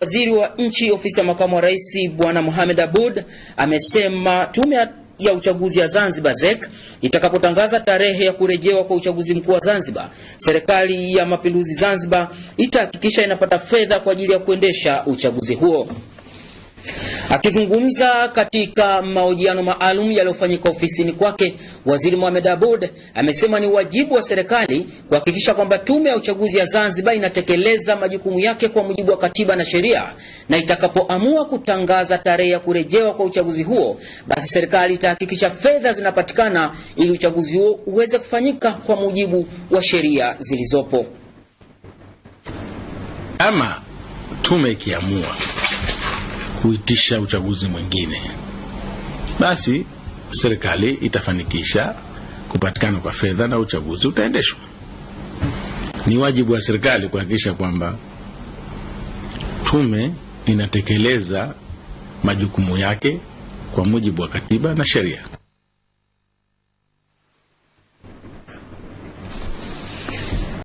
Waziri wa Nchi Ofisi ya Makamu wa Rais Bwana Mohamed Abud amesema tume ya uchaguzi ya Zanzibar ZEC itakapotangaza tarehe ya kurejewa kwa uchaguzi mkuu wa Zanzibar, serikali ya mapinduzi Zanzibar itahakikisha inapata fedha kwa ajili ya kuendesha uchaguzi huo. Akizungumza katika mahojiano maalum yaliyofanyika ofisini kwake, Waziri Mohamed Aboud amesema ni wajibu wa serikali kuhakikisha kwamba Tume ya Uchaguzi ya Zanzibar inatekeleza majukumu yake kwa mujibu wa katiba na sheria, na itakapoamua kutangaza tarehe ya kurejewa kwa uchaguzi huo, basi serikali itahakikisha fedha zinapatikana ili uchaguzi huo uweze kufanyika kwa mujibu wa sheria zilizopo. Ama tume ikiamua kuitisha uchaguzi mwingine, basi serikali itafanikisha kupatikana kwa fedha na uchaguzi utaendeshwa. Ni wajibu wa serikali kuhakikisha kwamba tume inatekeleza majukumu yake kwa mujibu wa katiba na sheria.